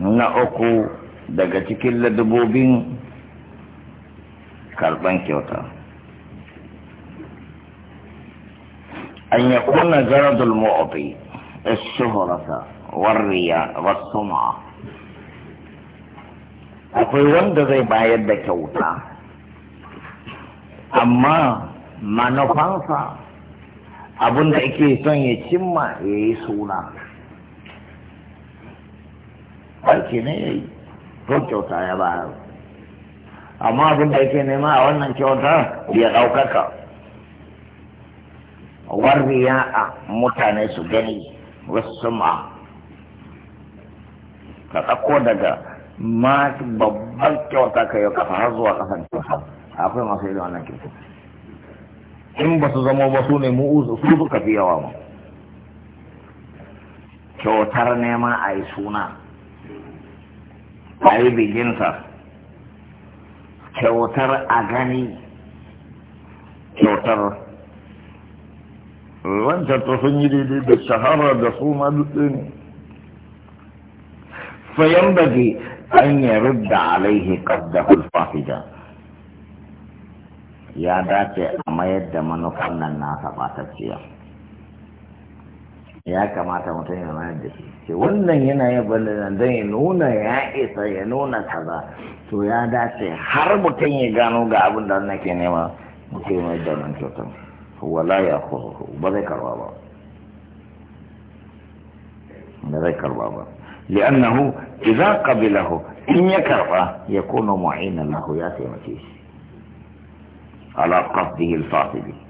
na uku daga cikin ladabobin karban kyauta an ya kuna jaradul mu'abi shuhurata warriya akwai wanda zai bayar da kyauta amma manufansa abinda ake son ya cimma ya yi suna barke ne ya yi ko kyauta ya ba amma abin da yake nema a wannan kyauta ya ɗaukaka ya a mutane su gani wasu suma, ka ɗauko daga ma babban kyauta ka yau kafa har zuwa ƙasar kyauta akwai masu irin wannan kyauta in ba su zama ba su ne mu su suka fi yawa ma kyautar nema a yi suna a yi bikinsa kyautar a gani kyautar wancan ta sun yi daidai da shahara da su ma ne fayan bage an yi rudda alaihi kaddahul fasida ya dace a mayar da manufan nan nasa ɓatacciya ya kamata mutum ya zama da shi ce wannan yana yin ballon don ya nuna ya isa ya nuna kaza to ya dace har mutum ya gano ga abin da nake nema mutum ya mai da nan kyautan wala ya kuro ba zai karba ba ba zai karba ba li'annahu idza qabilahu in ya karba ya kunu mu'ina lahu ya taimake shi ala qasdihi al fasidi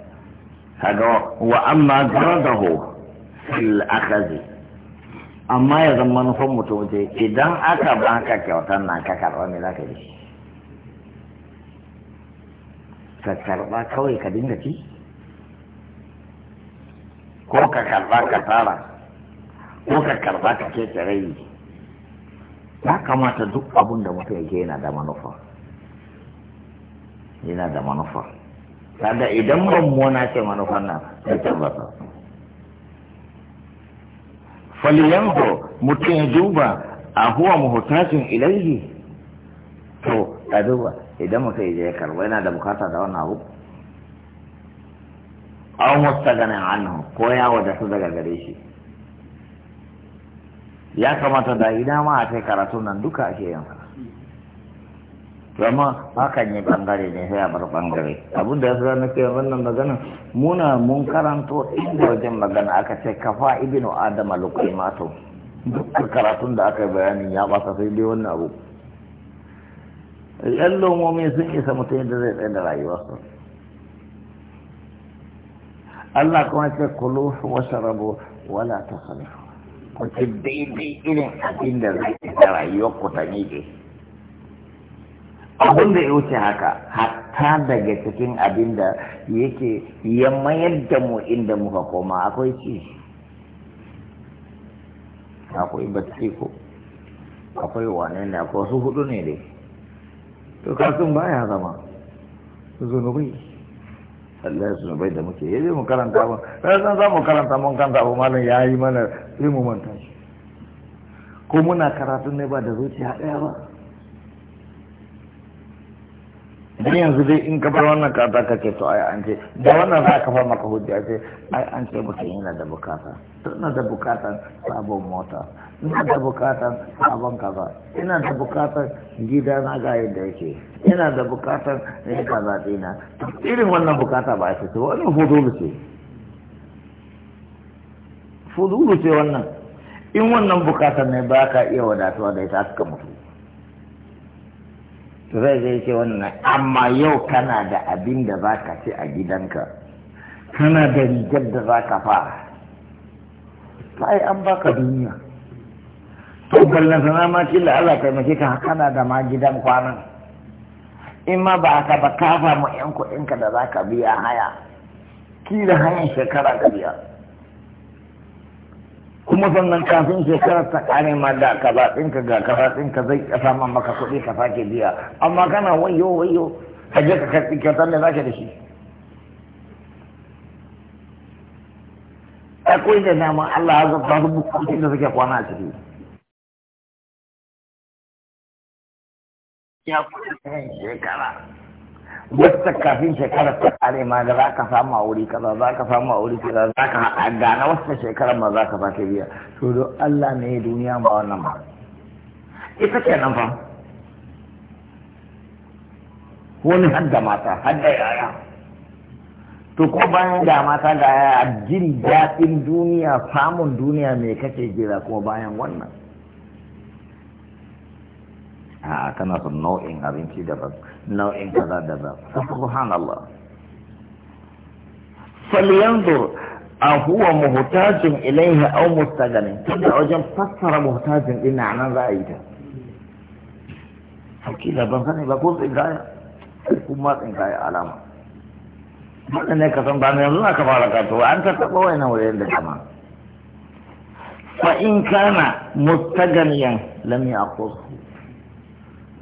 kaga wa amma garadahu fil akhazi amma ya zama manufan mutum ce idan aka baka kyautar nan ka karɓa me zaka yi ka karɓa kawai ka dinga ci ko ka karɓa ka tara ko ka karɓa ka ce rai ya kamata duk abin da mutum yake yana da manufa yana da manufa kada idan mummuna ce manufan nan sai tabbata falyanzo mutum ya duba a huwa muhtajin ilaihi to a duba idan mutum ya karba yana da bukata da wannan abu aw mustaganin anhu ko ya wadatu daga gare shi ya kamata da idan ma a kai karatu nan duka ake yanka zama hakan yi bangare ne sai a bar bangare abin da ya fi na ke wannan magana muna mun karanto inda wajen magana aka ce kafa ibnu adama luqaymatu dukkan karatun da aka yi bayanin ya basa sai dai wannan abu yan lomomi sun isa mutum yadda zai tsaye da rayuwarsa Allah kuma ce kulu sharabu wala tusrifu ku ci daidai irin abin da zai da rayuwar ku ta dai abin da ya wuce haka hatta daga cikin abin da yake ya mayar da mu inda muka koma akwai ci akwai bacci ko akwai wane ne akwai wasu hudu ne dai to ba baya zama zunubai Allah bai da muke yaje mu karanta ba sai san za mu karanta mun kanta abu malam yi mana sai mu manta shi ko muna karatu ne ba da zuciya daya ba dan yanzu dai in kafar wannan kata ka ce to ai an ce da wannan za ka fa maka hujja ce ai an ce mutum yana da bukata ina da bukata sabon mota ina da bukata sabon kaza ina da bukata gida na ga yadda yake ina da bukata ne kaza dina irin wannan bukata ba ce wannan fudulu ce fudulu ce wannan in wannan bukata ne ba ka iya wadatuwa da ita aka mutu to zai zai ce wannan amma yau kana da abin da za ka ci a gidanka kana da rigar da za ka fa yi an baka duniya to ballan sana ma la Allah taimake ka kana da ma gidan kwanan in ma ba ka ba ka mu yan kuɗinka da za ka biya haya kila hanyar shekara ka biya kuma sannan kafin shekarar ta kare ma da kaza ɗinka ga kaza ɗinka zai ka ma maka kuɗi ka sake biya amma kana wayo wayo ka je ka karɓi kyautar ne zaka da shi akwai da nama Allah ya zaba su bukatun da suke kwana a ciki ya kuɗi shekara wata kafin shekarar ta kare ma da za ka samu a wuri kaza za ka samu a wuri kaza za ka haɗa na wata shekarar ma za ka ta biya to don Allah ne duniya ba wannan ba ita ce nan fa wani hadda mata hadda yaya to ko bayan da mata da yaya jin daɗin duniya samun duniya me kake jira ko bayan wannan a kana son nau'in abinci daban nau'in kaza daban subhanallah falyanzur a huwa muhtajin ilaihi aw mustaghanin tunda wajen fassara muhtajin din na nan za a yi ta hakila ban sani ba ko tsingaya kuma tsingaya alama haka ne ka san ba ne yanzu aka fara karatu an ta taɓa wayannan wurin da kama fa in kana mustaganiyan lam yaqulu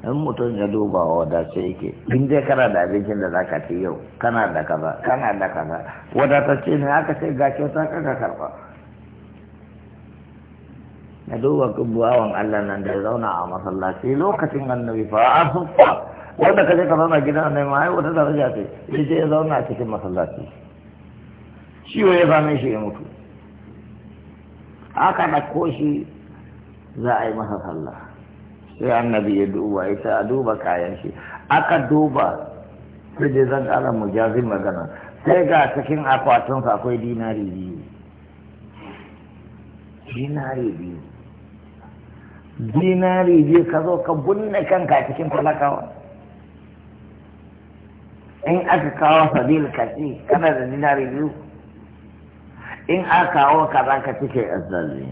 in mutum ya duba wa wadace yake in dai kana da abincin da zaka ci yau kana da kaza kana da kaza wadatacce ne aka ce ga kyauta kaka karba na duba buwawan Allah nan da ya zauna a masallaci lokacin annabi fa a sufa wanda kaje ka zauna gidan ne ma ai wata daraja ce shi ya zauna a cikin masallaci ciwo ya same shi ya mutu aka ɗauko shi za a yi masa sallah sai annabi ya duba ya ce a duba kayan shi aka duba sai dai zan ƙara mujazin magana sai ga cikin sa akwai dinari biyu dinari biyu dinari biyu ka zo ka bunne kanka cikin talakawa in aka kawo sabil kaci kana da dinari biyu in aka kawo za ka cike azzalli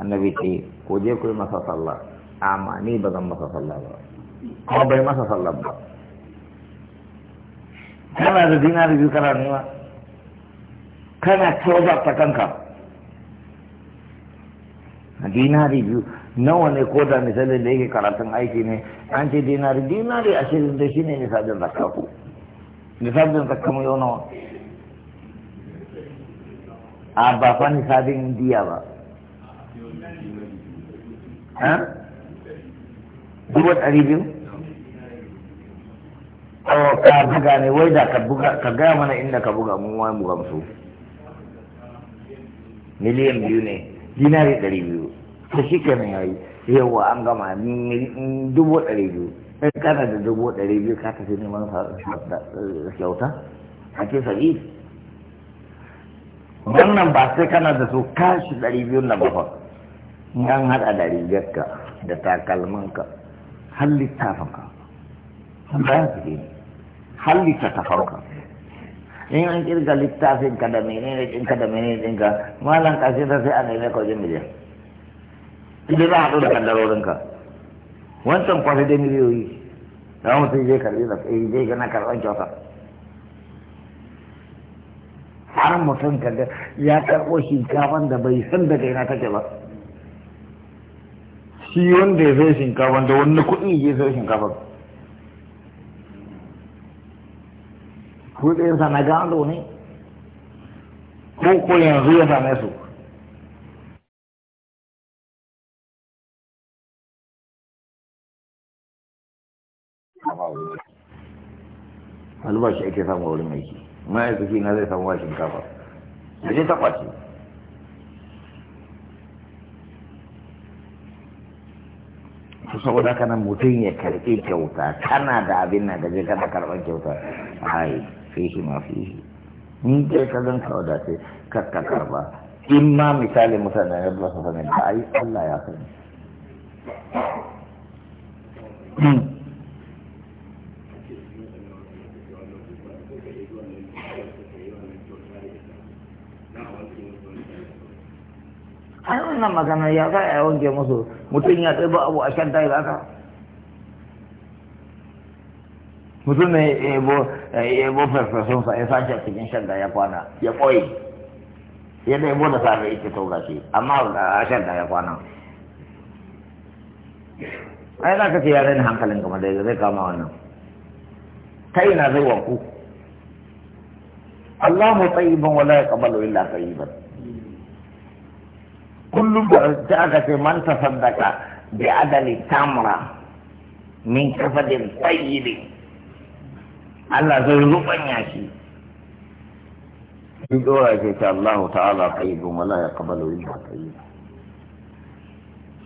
annabi ce ko je ku yi masa sallah amma ni ba zan masa sallah ba kuma bai masa sallah ba kana da dinari biyu kana nema kana tozar ta kanka dinari biyu nawa ne ko da misalin da yake karatun aiki ne an ce dinari dinari ashirin da shi ne nisabin zakka nisabin misalin zakka yau nawa a ba fa misalin indiya ba ha dubu ɗari biyu awa ka buga ne wai da ka buga ka gaya mana inda ka buga mun wani mu gamsu miliyan biyu ne dinari ɗari biyu ta shi kenan ya yi yawa an gama dubu ɗari biyu sai kana da dubu ɗari biyu ka tafi neman eh, kyauta a ke sa'i wannan ba sai kana da su kashi ɗari biyu na bakwai an haɗa da rigarka da takalmanka har ka, bayan su ne ta farka in an kirga littafin ka da menene ka da menene ka malam kashe ta sai an ne ka wajen miliyan idan za a haɗu da ka. wancan kwashe da miliyoyi da mutum je karɓi da tsaye eh, je gana karɓar kyauta har mutum ka ya karɓo shinkafan da bai san daga ina take ba shi wanda ya sai shinkafa da wani kuɗi ya sai shinkafa kuɗinsa na gado ne ko ko yanzu ya same su albashi ake samu wurin aiki ma'aikaci na zai samu washin shinkafa? da ta kwace to saboda haka nan mutum ya karɓi kyauta kana da abin nan gaje kana karɓar kyauta ai fihi ma fihi ni ke ka zan ka wadace ce ka karɓa in ma misali mutane ya ba su sani ba ai Allah ya sani hmm. maganar ya za a wanke musu mutum ya ɗaiba abu a shan tayi haka mutum ne ya bo farfasun sa ya sace a cikin shan ya kwana ya koyi ya da ɗaibo da safe ke tauka shi amma a shan ya kwana ai za ka ce yare ne hankalin kamar da zai kama wannan ta yi na zai wanku Allah mu ban wala ya kabalu illa ba. kullum da aka ce man tasaddaka bi adali tamra min kafadin tsayyibin Allah zai rubanya shi duk dora ke ta Allah ta'ala tayyibun wala yaqbalu illa tayyiba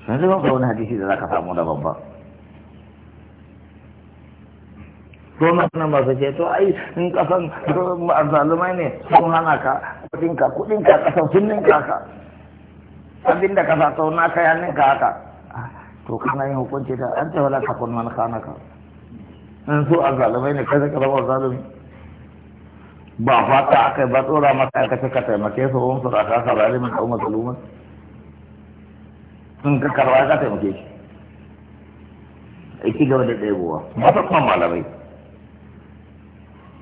sai ba wani hadisi da zaka samu da babba ko masana masu ce to ai in kasan zalumai ne sun hana ka kudinka kudinka kasan sun ninka ka abin da ka sato na ka yanin ka haka to kana yin hukunci da an ce wala kafin man ka in so a zalimai ne kai zaka zama zalimi ba fata kai ba tsora maka aka ce ka taimake su wani su raka ka zalimin ko mazlumin in ka karwa ka taimake shi aiki gaba da ɗebowa masu kuma malamai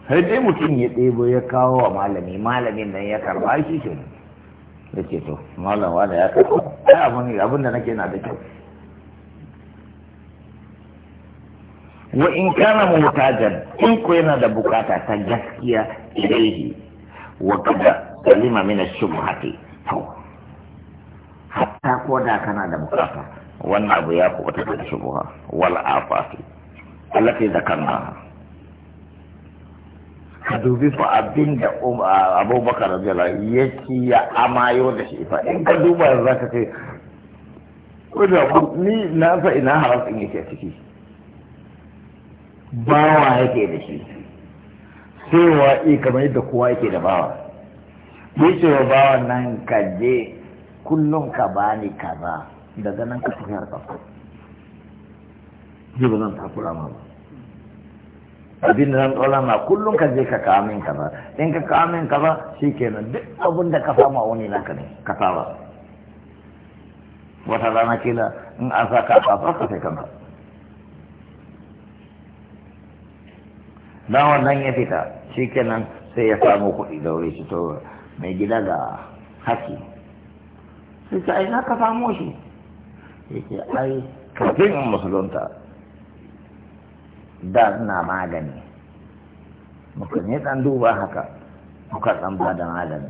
sai dai mutum ya ɗebo ya kawo wa malami malamin nan ya karba shi kenan da ke to malam da ya kafa ai abin da nake na da kyau wa in kana mutajan in ko yana da bukata ta gaskiya ilaihi wa kada salima mina shubhati to hatta ko da kana da bukata wannan abu ya kubuta da shubha wal afati allati zakarna ka dubi fa abin da um-, abubakar rajala ya ci ya amayo da shi fa in ka duba za ka ce ni na fa ina haram in yake ciki bawa yake da shi sai wa i kamar yadda kowa yake da bawa ya ce wa bawa nan ka je kullum ka bani kaza daga nan ka fi harkar ji ba zan takura ma ba abin da zan ɗora ma kullum ka je ka kamin min kaza in ka kamin min kaza shi kenan duk abin da ka samu a wani naka ne ka saba wata rana kila in an sa ka tsafa ka sai kanka dan wannan ya fita shi kenan sai ya samu kuɗi da wuri shi to mai gida ga haki sai ta aina ka samu shi yake ai kafin in musulunta da suna magani muka ne ɗan duba haka muka san ba da magani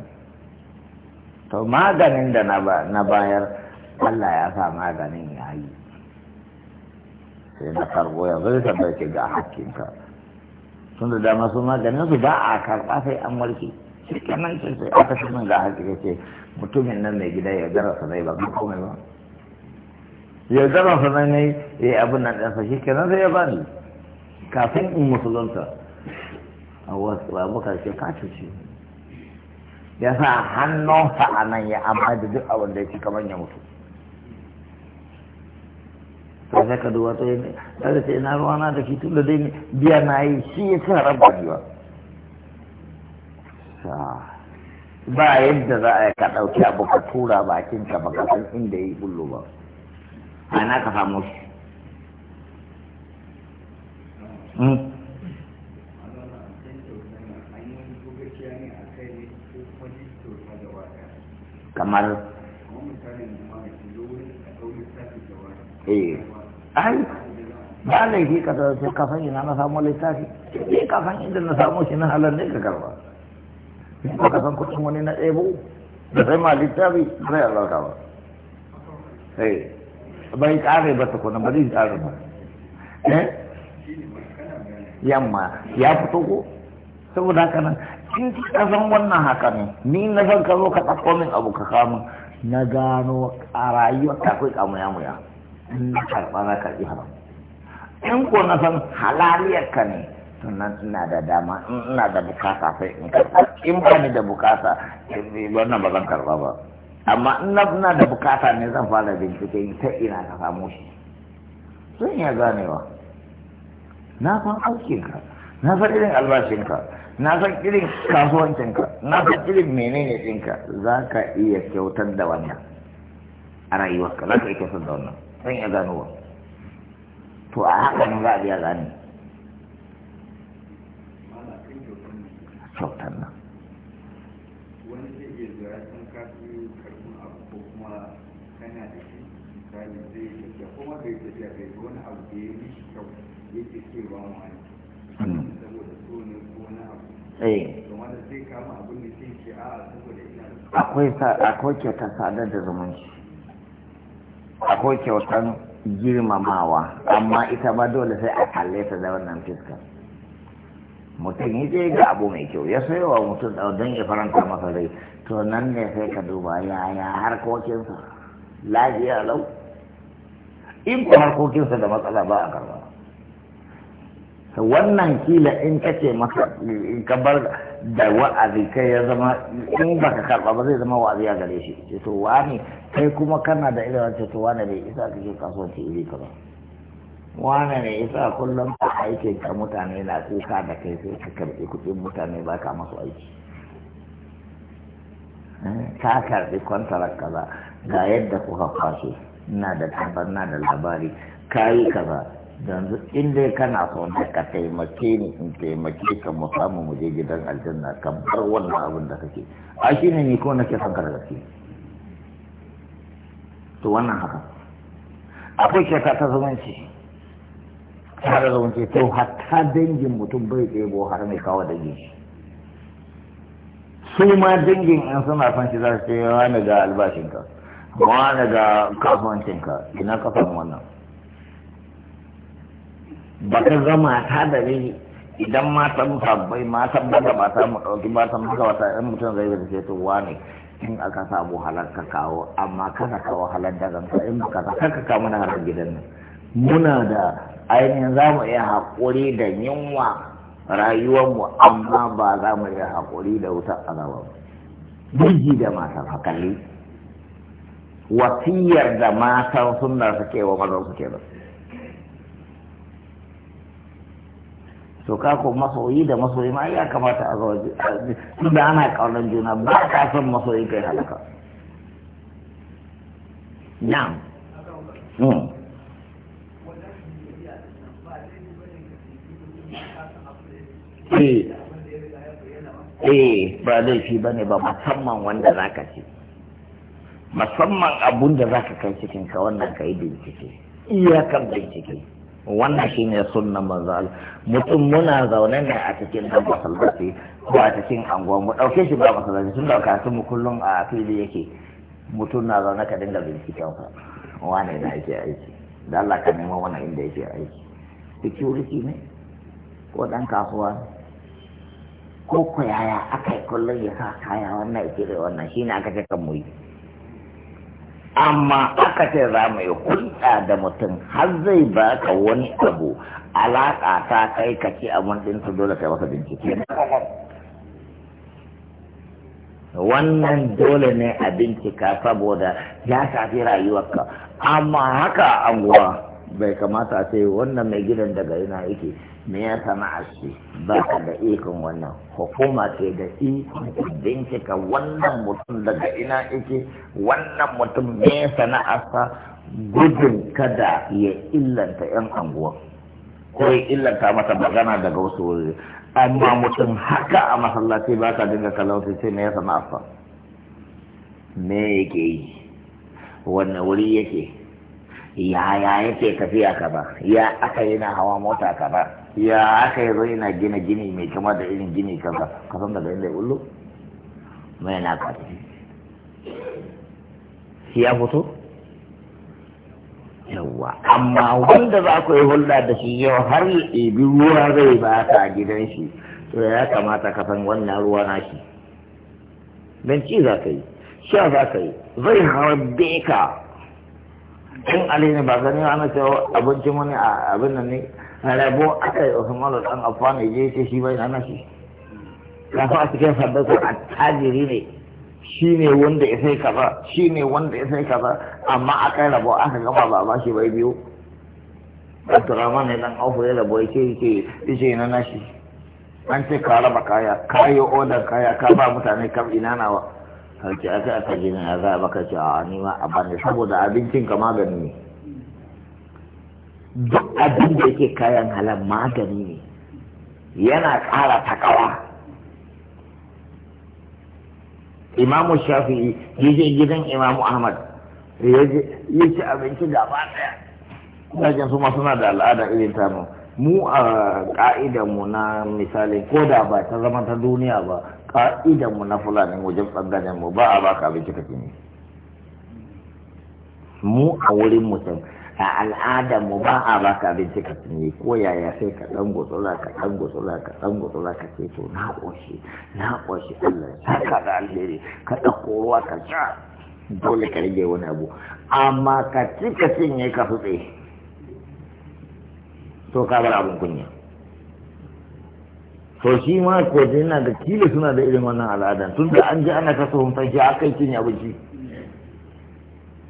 to maganin da na bayar Allah ya sa maganin ya yi sai na karɓo ya zai tambaye ke ga hakkinka tun da dama su maganin su ba a karɓa sai an warke shi nan ce sai aka shi min ga hakkinka ce mutumin nan mai gida ya gara nai ba ka komai ba ya darasa nai ya yi abin nan ɗansa shi kenan sai ya bani kafin in musulunta a wasu babu karshe kacin ya sa hannunsa a nan ya amma da duk abin da ya ci kamar ya mutu ta sai ka duba yi ne ta da sai na ruwa na da shi da dai biya na yi shi ya sa rabba biwa ba yadda za a ka ɗauki abu ka tura bakinka san inda ya yi bullo ba ana ka samu shi Hmm. kamar eh ai ba laifi ka sai ka san ina na samu littafi ka san inda na samu shi na halar ne ka karba ko ka san wani na da sai ma littafi sai Allah ka ba bai kare ba ta kuna ba zai kare ba eh yamma ya fito ko saboda haka nan in ka san wannan haka ne ni na san ka zo ka ɗauko min abu ka kama na gano a rayuwar ta kai ya muya in na karɓa na karɓi haram in ko na san halaliyar ka ne sannan ina da dama in ina da bukata sai in karɓa in ba ni da bukata eh, wannan ba zan karɓa ba amma ina na da bukata ne zan fara bincike ta ina ka samu shi zan iya ganewa na san aukinka na san irin albashinka na san irin kasuwancinka na san irin menene dinka za ka iya kyautar da wannan a rayuwarka za ka iya kyautar da wannan zan iya wa, to a haka ne za a iya gani kyautar nan wani zai iya zuwa sun kasu karfin abu ko kuma kana da shi misali zai tafiya kuma tafiya bai wani abu da ya kyau yake wani saboda so ne ko wani abu akwai kyauta sadar da zumunci akwai kyautan girmamawa amma ita ba dole sai a kalle ta da wannan fiska mutum ya je ga abu mai kyau ya sayo wa mutum don ya faranta masa rai to nan ne sai ka duba yaya harkokinsa lafiya lau in ko harkokinsa da matsala ba a karba wannan kila in kace masa in ka bar da wa'azi kai ya zama in baka karba ba zai zama wa'azi a gare shi ce to wani kai kuma kana da ilimin ce to wani bai isa kake kasuwanci iri ka ba wani ne isa kullum ka aikin ka mutane na kuka da kai sai ka karɓi kuɗin mutane ba ka masu aiki eh, ka karbi kwantarar kaza ga yadda kuka kwashe na da tabar na da labari kayi kaza yanzu inda kana so da ka taimake ni in taimake ka mu samu mu je gidan aljanna ka bar wannan abin da kake a shi ne ni ko nake son ka da gaske to wannan haka akwai shekara ta zumunci tare da wance to hatta dangin mutum bai ɗebo har mai kawo dangin shi su ma dangin in suna son shi za su ce wani ga albashinka ba daga kasuwancinka ina ka samu wannan ba ka zama ta da ne idan matan sabbai matan bada mata mu ɗauki matan muka wata ɗan mutum zai da ce to wane in aka samu halar ka kawo amma kana kawo halar da ganka in baka ta kaka kawo na halar gidan nan muna da ainihin za mu iya haƙuri da yunwa rayuwarmu amma ba za mu iya haƙuri da wutar azaba ba. Biji da mata hakalli. wasiyar da matan sunna suke wa mazan suke ba to ka ko masoyi da masoyi ma ya kamata a zuwa su da ana kaunar juna ba ka son masoyi kai halaka na'am hmm. eh. eh, ba laifi ba ne ba musamman wanda za ka ce. musamman abun da za ka kai cikin ka wannan ka yi bincike iyakar bincike wannan shi ne sunnan maza mutum muna zaune ne a cikin dan masallaci ko a cikin anguwa mu dauke shi ba masallaci tun dauka su mu kullum a fili yake mutum na zaune ka dinga binciken ka wane na yake aiki da Allah ka nemo wannan inda yake aiki security ne ko dan kasuwa ko ko yaya aka yi kullum ya sa kaya wannan ya cire wannan shi ne aka ce kan mu yi amma aka ce za mu yi hulɗa da mutum har zai ba ka wani abu alaƙa ta kai ka ce abun ɗin su dole kai masa bincike wannan dole ne a bincika saboda ya shafi rayuwarka amma haka anguwa bai kamata a ce wannan mai gidan daga ina yake me ya a ce ba ka da ikon wannan hukuma ce da ikon bincika wannan mutum daga ina yake wannan mutum me sa gudun kada ya illanta 'yan anguwa ko ya illanta mata magana daga wasu wuri amma mutum haka a masallaci ba ka dinga kalauta ce me ya sa me yake yi wannan wuri yake yaya yake tafiya ba ya aka yi na hawa mota ka ba ya aka yi zai na gina gini mai kama da irin gini kaza ka san daga inda ullu mai na ka ya fito yawa amma wanda za ku yi hulɗa da shi yau har ibi ruwa zai ba ta gidan shi to ya kamata ka san wannan ruwa na shi don ci za ka yi sha za ka yi zai harbe ka in ali ne ba sani ana cewa abincin wani a abin nan ne rabo aka yi usman da dan afana je ce shi bai hana shi ka fa cikin sabbata tajiri ne shi ne wanda ya sai kaza shi ne wanda ya sai kaza amma kai rabo aka gama ba ba shi bai biyu rama ne dan Auf ya rabo ce yake ce na nashi an ce ka raba kaya kayo order kaya ka ba mutane kam ina nawa sauki aka aka jinin a za a baka ce a ah, ni ma a bane saboda abincin ka magani ne duk abin da yake kayan halar magani ne yana ƙara takawa imamu shafi'i ya gidan imamu ahmad ya ci abinci da gaba ɗaya ɗakin su suna da al'ada irin tamu mu a ƙa'idanmu na misali ko da ba ta zama ta duniya ba ka'idan mu na fulani wajen bangaren mu ba a baka abinci kake ne mu a wurin mutum a al'adar mu ba a baka abinci ka tunye ko yaya sai ka dan gutsula ka dan gutsula ka dan gutsula ka ce to na koshi na koshi Allah saka da alheri ka dauko ruwa ka sha dole ka rage wani abu amma ka ci cinye ka futse to ka bar abun kunya to shi ma kogi na da kila suna da irin wannan al'adan tun da an ji ana kasa huntar shi aka yi cin abinci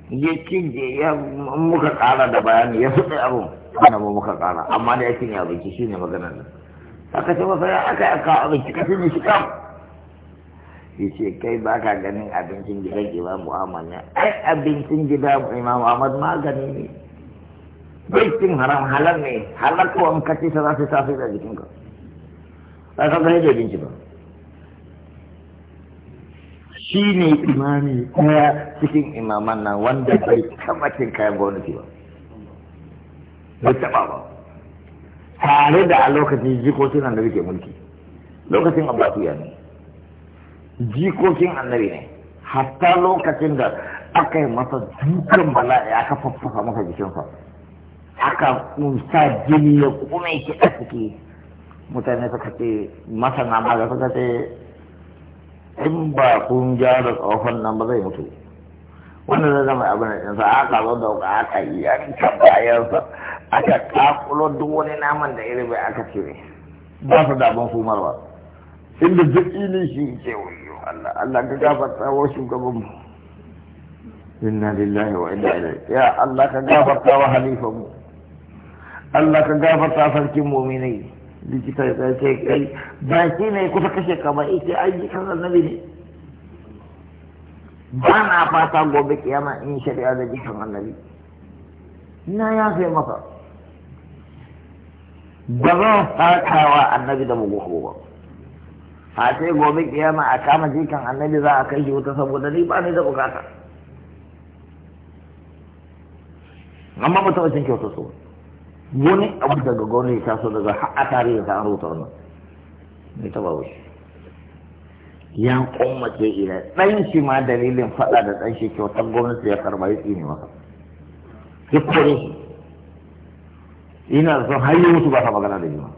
ya cinye ya muka kara da bayani ya fi abin ana ba muka kara amma da ya cinye abinci shi ne maganar nan aka ce masa ya aka aka abinci ka cinye shi kam ya ce kai ba ka ganin abincin gida imamu ahmad ne ai abincin gida imamu ahmad magani ne bai cin haram halar ne halar kawai ka ce ta za su tafi da jikinka a kan da binci ba shi ne imami ɗaya cikin imaman nan wanda bai taɓa cin kayan gwamnati ba bai taɓa ba tare da a lokacin jikokin annabi ke mulki lokacin abbasiya ne jikokin annabi ne hatta lokacin da aka yi masa dukan bala'i aka faffasa masa jikinsa aka kunsa jini ya kuma yake a ciki mutane suka ce masana ma da suka ce in ba kun da tsohon nan ba zai mutu wannan zai zama abin da sa a zo da wuka aka yanka bayansa aka kakulo duk wani naman da iri bai aka cire ba su da ban sumar ba inda duk ilin shi ke wuyo Allah Allah ka gafarta wa shugaban inna lillahi wa inna ilaihi ya Allah ka gafarta wa halifan mu Allah ka gafarta sarkin mu'minai likita ya ce kai ba shi ne kusa kashe ka ba ita ai jikin annabi ne ba na fata gobe kiyama in shari'a da jikin annabi na ya sai masa ba za a sakawa annabi da mugu ba a ce gobe kiyama a kama jikin annabi za a kai shi wuta saboda ni ba ni da bukata amma mutum kyautar su wani abu daga gwamnati ya taso daga har tare da ta an rubuta wannan bai taba wuce ya kummace ila ɗan shi ma dalilin faɗa da ɗan shi kyautar gwamnati ya karɓa ya tsini masa ya kore shi ina da son hanyar mutu ba ta magana da jima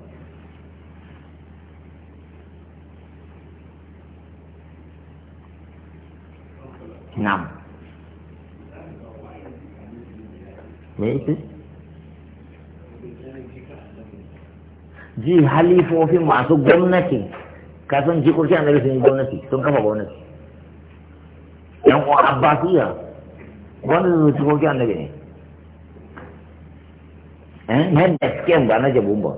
na me yake ji halifofin masu gwamnati kasan jikoki a nari sun yi gwamnati sun kafa gwamnati yan uwa abbasiya wanda su jikoki a nari ne eh, na gaskiyar ba na jabun ba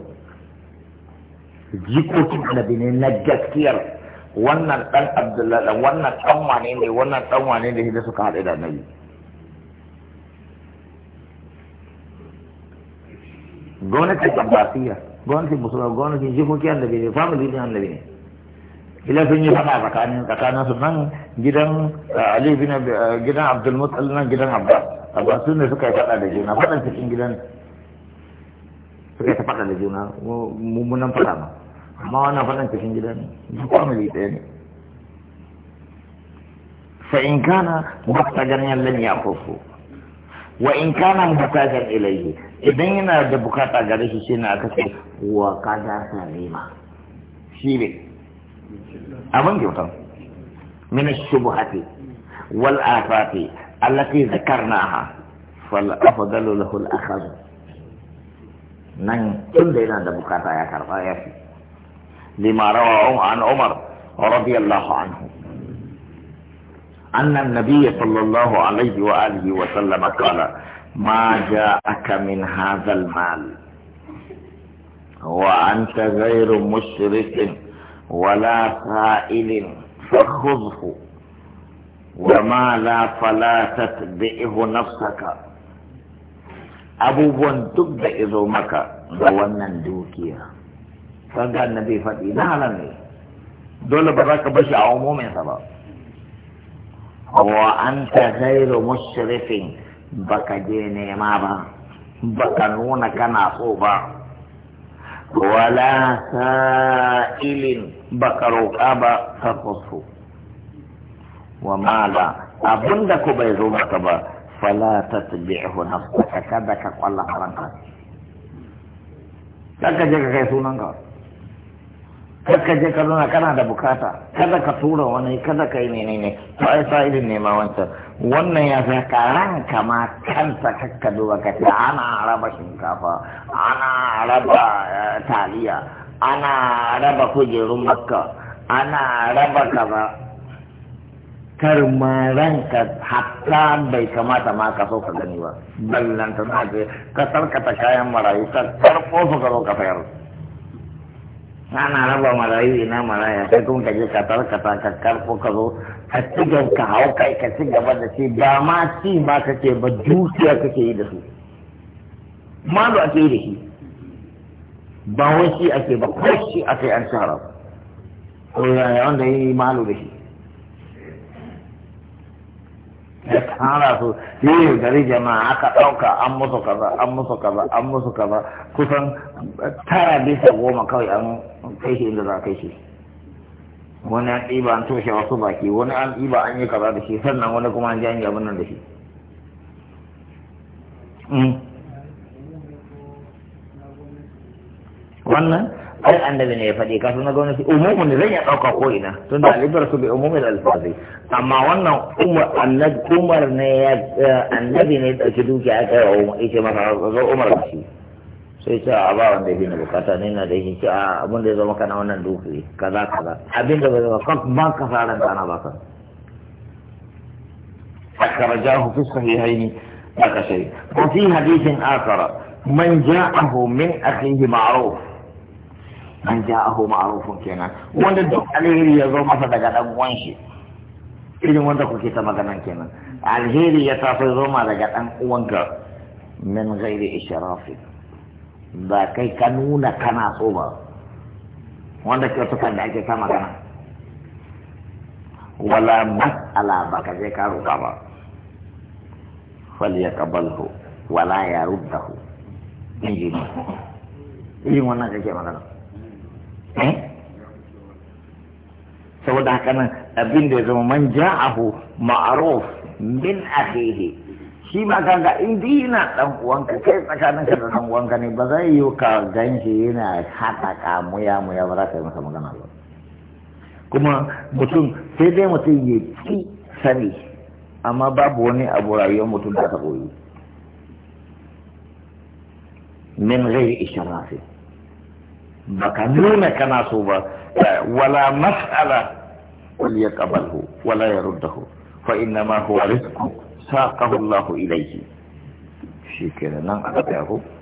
jikokin annabi ne na gaskiyar wannan dan abdullahi wannan dan wane ne wannan dan wane ne da suka haɗe da annabi gwamnatin abbasiya gwamnatin musulman gwamnatin jikoki annabi ne family din annabi ne ila sun yi faɗa tsakanin tsakanin su nan gidan uh, Ali bin uh, gidan Abdul Muttalib nan gidan Abba. Abbas ne suka yi faɗa da juna faɗan cikin gidan suka yi faɗa da juna mummunan faɗa ma amma wannan faɗan cikin gidan family ɗaya ne fa in kana muhattajan yallan ya kofu وإن كان محتاجا إليه إذن ينا دبكاتا قريش سينا أكسي سليما سيبك أبن جوتم من الشبهات والآفات التي ذكرناها فالأفضل له الأخذ نن كل دينا دبكاتا يا كرقا يا لما روى عن عمر رضي الله عنه أن النبي صلى الله عليه وآله وسلم قال ما جاءك من هذا المال وأنت غير مشرك ولا سائل فخذه وما لا فلا تتبعه نفسك abubuwan duk da izo maka da wannan dukiya kaga annabi faɗi na halar ne dole ba za ka bashi a umuminsa ba wa anta ghairu mushrifin baka je nema ba baka nuna kana so ba wala sa'ilin baka roƙa ba ka kusu wa mala abinda ku bai zo maka ba fala ta tatbi'hu nafsaka kada ka kwalla haranka kada ka je ka kai sunan ka ka je ka kana da bukata kada ka tura wani kada ka yi menene to ai sa'idin ne ma wancan wannan ya ka karan kama kanta kakka duba ka ana raba shinkafa ana raba eh, taliya ana raba kujerun makka ana raba kaza kar ma ranka hatta bai kamata ma ka so ka gani ba ballanta na ka sarkata kayan marayu ka karɓo su ka zo ka sayar ana raba marayu ina maraya kai kuma ka je ka tarkata ka karfo ka zo ka ci ka hau kai ka ci gaba da shi ba ma ci ba kake ba dukiya kake yi da su malu ake yi da shi ba wai shi ake ba ko shi ake an shara ko ya wanda yi malu da shi ya tara su yi gari jama'a aka ɗauka an musu kaza an musu kaza an musu kaza kusan tara bisa goma kawai an kai shi inda za a kai shi wani an ɗiba an toshe wasu baki wani an ɗiba an yi kaza da shi sannan wani kuma an janye yi abin nan da shi hmm. wannan ai annabi ne ya faɗi ka na gwamnati umumu ne zan ya ɗauka ko ina tun da alibar su bi umumin alfazi amma wannan umar ne ya annabi ne ya ɗauki dukiya ya kai wa umar ya ce masa zo umar da shi sai ce a ba wanda yake na bukata ne na da yake ce a abin da ya zama kana wannan dukiya kaza kaza abin da bai zama kan ban ka sa ran kana ba ka أخرجاه في الصحيحين لا شيء وفي حديث آخر من جاءه من أخيه معروف an ja'ahu ma'rufun kenan wanda duk alheri ya zo masa daga dan uwan shi irin wanda kuke ta maganan kenan alheri ya tafi zo ma daga dan uwanka min ghairi ishrafi ba kai ka nuna kana so ba wanda kyautukan da ake ta magana wala mas'ala ba ka je ka roƙa ba falyaqbalhu wala yaruddahu inji ne irin wannan kake magana Eh? saboda haka nan abin da ya zama man ja'ahu ma'aruf min akhihi shi ma kanka in dina dan uwanka kai tsakanin ka da dan uwanka ne ba zai yi ka ganshi yana haka ka muya ba za ka yi masa magana ba kuma mutum sai dai mutum ya ki sani amma babu wani abu rayuwar mutum da ta koyi min ghairi isharafi بقانون كنا ولا مسألة وليقبله ولا يرده فإنما هو رزق ساقه الله إليه شكرا لك